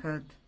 kad